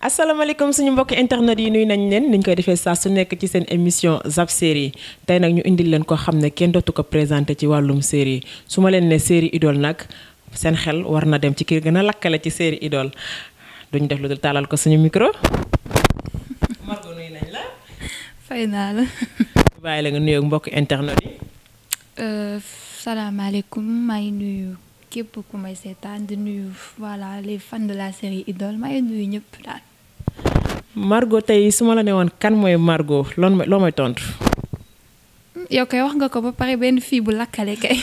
asalaamaaleykum suñu mbokki internet yi nuy nañ leen niñ koy defee saa su nekk ci seen émission Zap Série tey nag ñu indil leen ko xam ne kenn dootu ko présenté ci wàllum série su ma leen ne série idol nag seen xel war na dem ci kii gën a lakkale ci série idol duñ def lu dul taalal ko suñu micro. Margo nuy fay naa la. bàyyi la nga nuyoog mbokk internet yi. Euh, salam alaikum, may qui képp ku may seetaan de nuyu voilà les fans de la série Idol may nuyu une daal. Margot est su ma la ne woon kan Margot l'on l'on loo mooy tontu. yow kay wax nga ko ba pare ben fii bu lakkale kay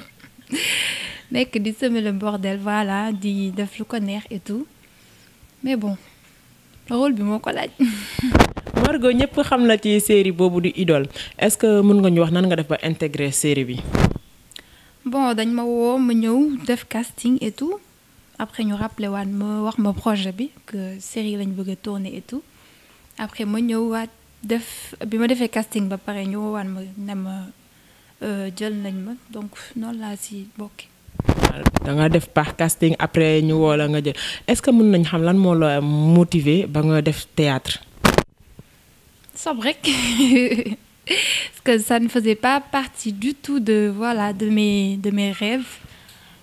nekk di semer le bordel voilà di def lu ko et tout mais bon rôle bi moo ko Margot ñëpp xam la ci série boobu du Idol. est-ce que mën nga ñu wax nan nga def ba intégrer série bi. bon dañ ma woo ma ñëw def casting et tout après ñu rappelé waat ma wax ma projet bi que série lañ bëgg tourner et tout après ma ñëw waat def bi ma defee casting ba pare ñu woowaat ma ne ma euh, jël nañ ma donc non laa si bokk. da nga def par casting après ñu woo la nga jël est-ce que mën nañ xam lan moo la motiver ba nga def théâtre. C'est vrai que, que ça ne faisait pas partie du tout de, voilà, de, mes, de mes rêves.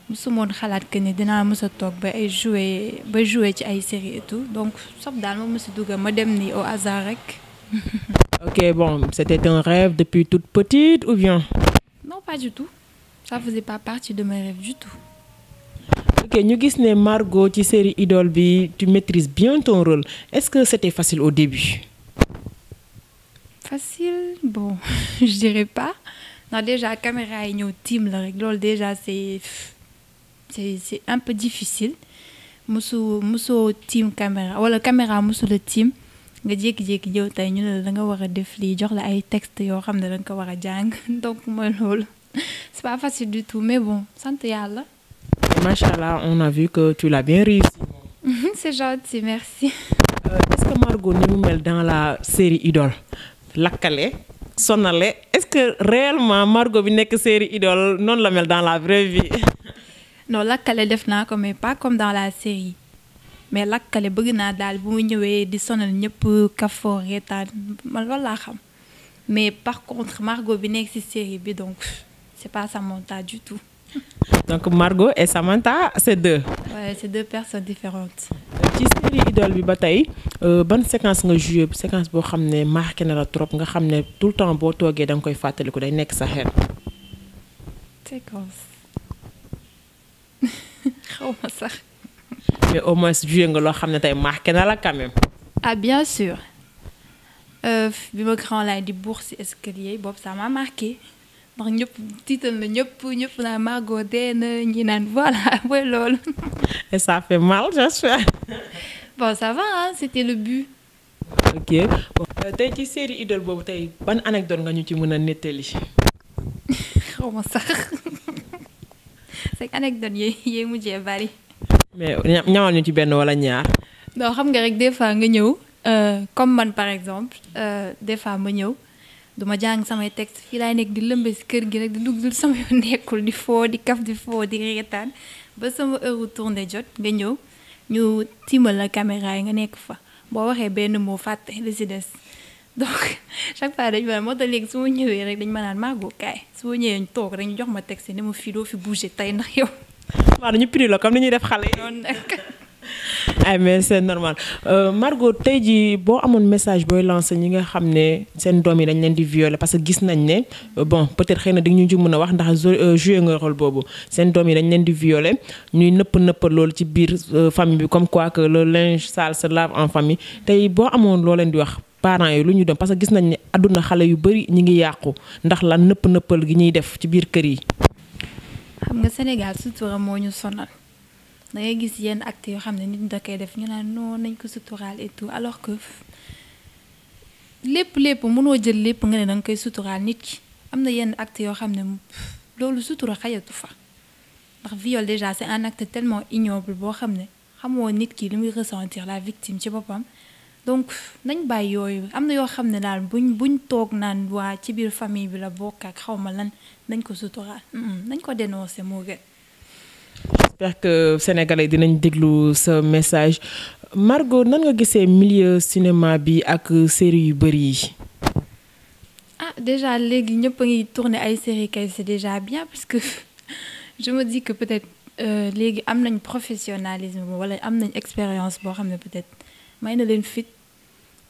musuma woon que ni a ba jouer ba jouer ci série et tout donc sauf me ma mës que ni au hasard ok bon c'était un rêve depuis toute petite ou bien. non pas du tout ça faisait pas partie de mes rêves du tout. ok nous Margot ci série Idol. tu maîtrises bien ton rôle est-ce que c'était facile au début facile bon je dirais pas non déjà caméra est au team la réglage déjà c'est c'est c'est un peu difficile Je suis team caméra wala caméra musu la team nga jékki team. Je tey ñu ne la da nga war a def lii jox la ay texte yoo xam ne da nga ko war a donc mon rôle c'est pas facile du tout mais bon sant yàlla Machallah, on a vu que tu l'as bien réussi. C'est gentil, merci. Euh, Est-ce que Margot nous met dans la série Idole, lakale sonale est-ce que réellement Margot bi une série idole non la mel dans la vraie vie. non lakale def n'a ko mais pas comme dans la série mais La bëgg naa daal bu mu ñëwee di sonal ñëpp kafoo reetaan man loolu mais par contre Margot bi une ci série bi donc c'est pas Samantha du tout. donc Margot et Samantha c'est deux. ouais c'est deux personnes différentes. Euh, ci série idole bi batay euh ban séquence nga jouer séquence bo xamné marqué na la trop nga xamné tout le temps bo togué dang koy koy ko day nek sa xel. séquence xaw ma sax. mais au moins jouer nga lo xamné tay marqué na la quand même. ah bien sûr euh bi mo grand laay di bourse si escalier bob ça m'a marqué. ndax ñëpp tiital na ñëpp ñëpp naa Margot dee ñi nan voilà mooy lol et ça fait mal, j'espère. bon, ça va, hein? c'était le but. ok euh, tey ci série Idoles boobu tey ban anecdote nga ñu ci mën a nettali. xaw ma sax c'est anecdote yi yi mujjee bari. mais ñawal ñu ci benn wala ñaar. non xam nga rek des fois nga ñëw euh, comme man par exemple euh, des fois ma ñëw. du ma jàng samay texte fii laay nekk di lëmbe si kër gi rek di dugg dul sama yoon nekkul di foo di kaf di foo di reetaan ba sama heure tournée jot nga ñëw ñu tiimal la caméra yi nga nekk fa boo waxee benn moo fàtte li si des donc chaque fois dañu ma moo tax léegi su ma ñëwee rek dañ ma naan màggoo kaay su ma ñëwee ñu toog rek ñu jox ma texte ni ma fii doo fi bougé tey ndax yow. waaw dañu pris la ni ñuy def xale yi. ay ah, mais c'est normal euh, Margot tey jii boo amoon message booy lancé ñi nga xam ne seen doom yi dañ leen di violer parce que gis nañ ne euh, bon peut-être xëy na di ñu ci mun a wax ndax euh, joué nga rôle boobu seen doom yi dañ leen di violer ñuy nëpp nëpp loolu ci biir famille bi comme quoi que le linge sale se lave en famille tey boo amoon loo leen di wax parents yi lu ñu doon parce que gis nañ ne àdduna xale yu bari ñi ngi yàqu ndax lan nëpp nëppal gi ñuy def ci biir kër yi. da ngay gis yenn acte yoo xam ne nit da koy def ñu naan non nañ ko sutural et tout alors que lépp lépp mënoo jël lépp nga ne da nga koy suturaal nit ki am na yenn acte yoo xam ne loolu sutura xayatu fa ndax viol déjà c'est un acte tellement ignoble boo xam ne xamoo nit ki li muy ressentir la victime ci boppam donc nañ bàyyi yooyu am na yoo xam ne daal buñ buñ toog naan waa ci biir famille bi la bokk ak xaw ma lan nañ ko sutural nañ ko dénoncer moo gën j'espère que sénégalais dinañ entendre ce message Margot nan nga gisee milieu cinéma bi ak série yu ah déjà les gens qui tournent tourner ay séries c'est déjà bien parce que je me dis que peut-être gens ont un professionnalisme wala am nañ expérience mais peut-être may na une fit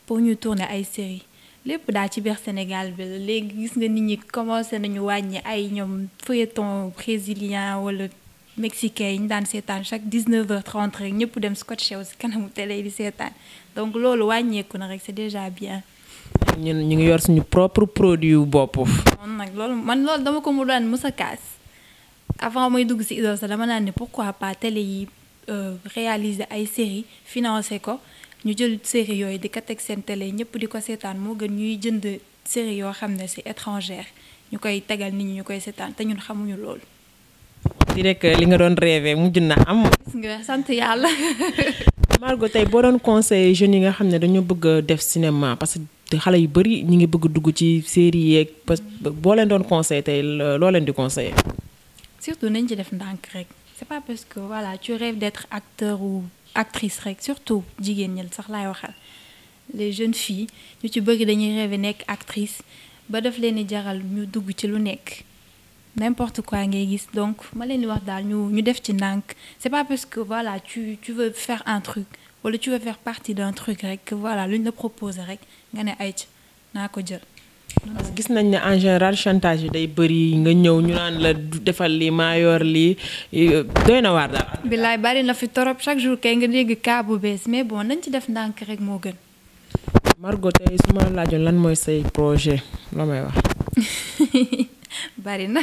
pour nous tourner ay séries série. daal ci vers Sénégal Les gens qui commencent à nous ñi commencé nañu wàññi ay brésilien ou brésilien mexicaine dans ñu daan chaque 19h30 rek ñëpp dem scotché wu si kanamu télé yi di seetaan donc loolu wàññeeku na rek c'est déjà bien. ñun ñu ngi yor suñu propre produit wu bopp. man nag loolu man lolu dama ko mu daan mës a avant moy dugg ci Idole sax dama naan ne pourquoi pas télé yi euh, réaliser ay série financer ko ñu jël série yoy di ko teg seen télé ñëpp di ko sétane mo gën ñuy jënd série yo xamné ne étrangère ñu tégal nit ñi ñu koy seetaan ñun xamuñu lolu dire que eh, li nga doon rêvé mujj na am. gis nga sant yàlla. Margot tey boo doon conseil jeunes yi nga xam ne dañoo bëgg a def cinéma parce que xale yu bëri ñu ngi bëgg dugg ci série yeeg parce que boo leen doon conseil tey loo leen di conseillé. surtout nañ ci def ndànk rek c'est pas parce que voilà tu rêves d'être acteur ou actrice rek surtout jigéen ñi sax laay waxal les jeunes filles ñu ci bëgg dañuy rêver nek actrice ba daf leen di jaral ñu dugg ci lu nekk n'importe quoi ngay gis donc ma leen wax dal ñu ñu def ci nank c'est pas parce que voilà tu tu veux faire un truc wala tu veux faire partie d'un truc rek que voilà lu ñu la proposer rek nga ne ay naa nako jël. Ah, gis nañ ne en général chantage bi day bëri nga ñëw ñu naan la defal lii maa yor lii doy na waar daal. billaay bari na fi torop chaque jour kay nga dégg cas bu bees mais bon nañ ci def ndànk rek moo gën. Margot tey su ma laajoon lan mooy say projet loo may wax. Barina.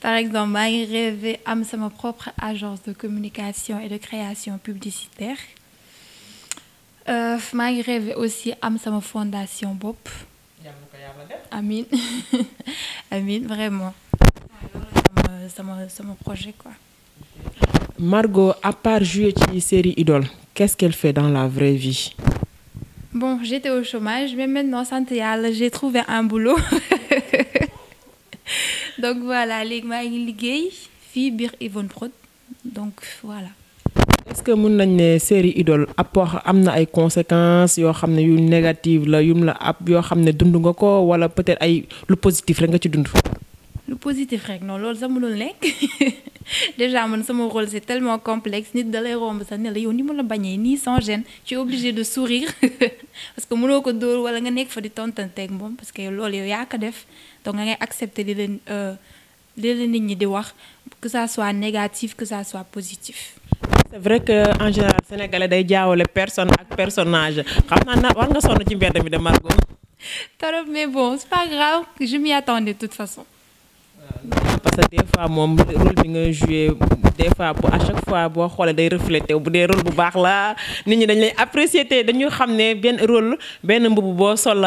par exemple j'ai rêvé am ma propre agence de communication et de création publicitaire j'ai euh, rêvé aussi à ma fondation BOP. amin amin vraiment c'est mon projet quoi Margot à part jouer une série Idole qu'est-ce qu'elle fait dans la vraie vie bon j'étais au chômage mais maintenant santéal j'ai trouvé un boulot donc voilà léegi maa ngi liggéey fii biir Yvonne Prod donc voilà. est-ce que mën nañ ne série idole apport am na ay conséquences yoo xam ne yu négative la yum la ab yoo xam ne dund nga ko walla peut-être ay lu positif rek nga ci dund. lu positif rek non loolu sax mënul nekk. déjà mon mon rôle c'est tellement complexe ni de lay romb ça ni ma la bañee ni sans gêne je suis obligée de sourire parce que rôle de dóor wala nga nek fa di ak mom parce que loolu yow yaa ko def donc nga ngay accepter li leen euh, li leen nit ñi di wax que ça soit négatif que ça soit positif. c'est vrai que en général sénégalais day jaawale personne ak personnage xam war nga sonu ci mbedd mi de Margot. mais bon c'est pas grave je m'y attendais de toute façon parce que des fois rôle des fois à chaque fois day bu rôle bu la nit ñi dañ lay apprécier rôle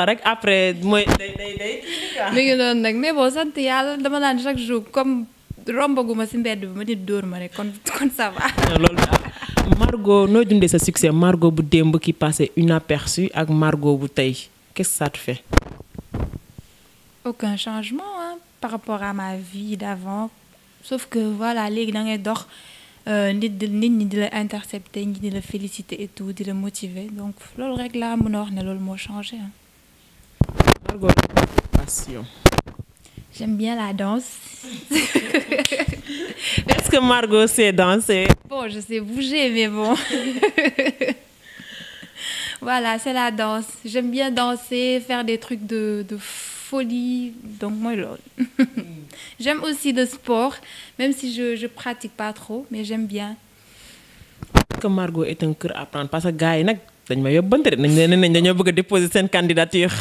rek après day day day. mais dama chaque jour comme bi ma nit rek kon kon ça va. Margot no sa succès Margot bu démb passé inaperçu ak Margot bu qu'est-ce que ça te fait. aucun changement hein par rapport à ma vie d'avant sauf que voilà les gens d'or ni de l'intercepter, intercepter féliciter et tout de le motiver donc le règle laa mën changé hein. passion. j'aime bien la danse. est-ce que Margot sait danser. bon je sais bouger mais bon. Voilà, c'est la danse. J'aime bien danser, faire des trucs de, de folie. Donc, moi, lol. j'aime aussi le sport, même si je ne pratique pas trop, mais j'aime bien. que Margot est un cœur à prendre parce que gars ils nag dañ ma yóbbante de bëgg déposer cette candidature.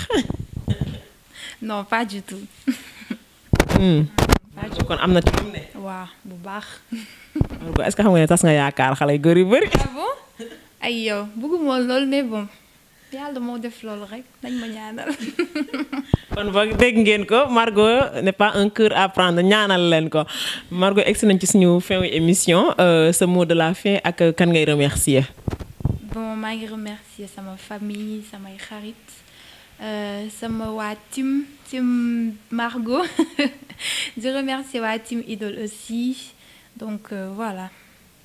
non pas du tout. Hmm. kon am na ci. waaw bu baax. Margot est-ce que tu as ne tas nga yaakaar bëri. ah bon ay yow bëgguma woon loolu mais bon yàlla moo def loolu ma ñaanal. kon boog dégg ngeen ko Margot n'est pas un cœur à prendre ñaanal leen ko Margot egsi nañ ci suñu fin émission sa euh, mot de la fin ak kan ngay remercier. bon maa ngi remercier sama famille samay xarit euh, sama waa tim tim margo di remercier waa tim idol aussi donc euh, voilà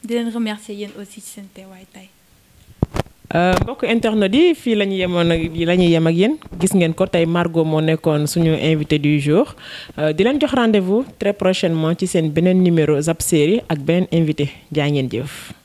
di leen remercier yéen aussi ci seen teewaay tey. Euh, mbokk internet yi fii la ñu yemoon ak la ñuy yem ak yéen gis ngeen ko tey Margot moo nekkoon suñu invité du jour euh, di leen jox rendez-vous très prochainement ci seen beneen numéro Zap Série ak beneen invité jaa ngeen jëf.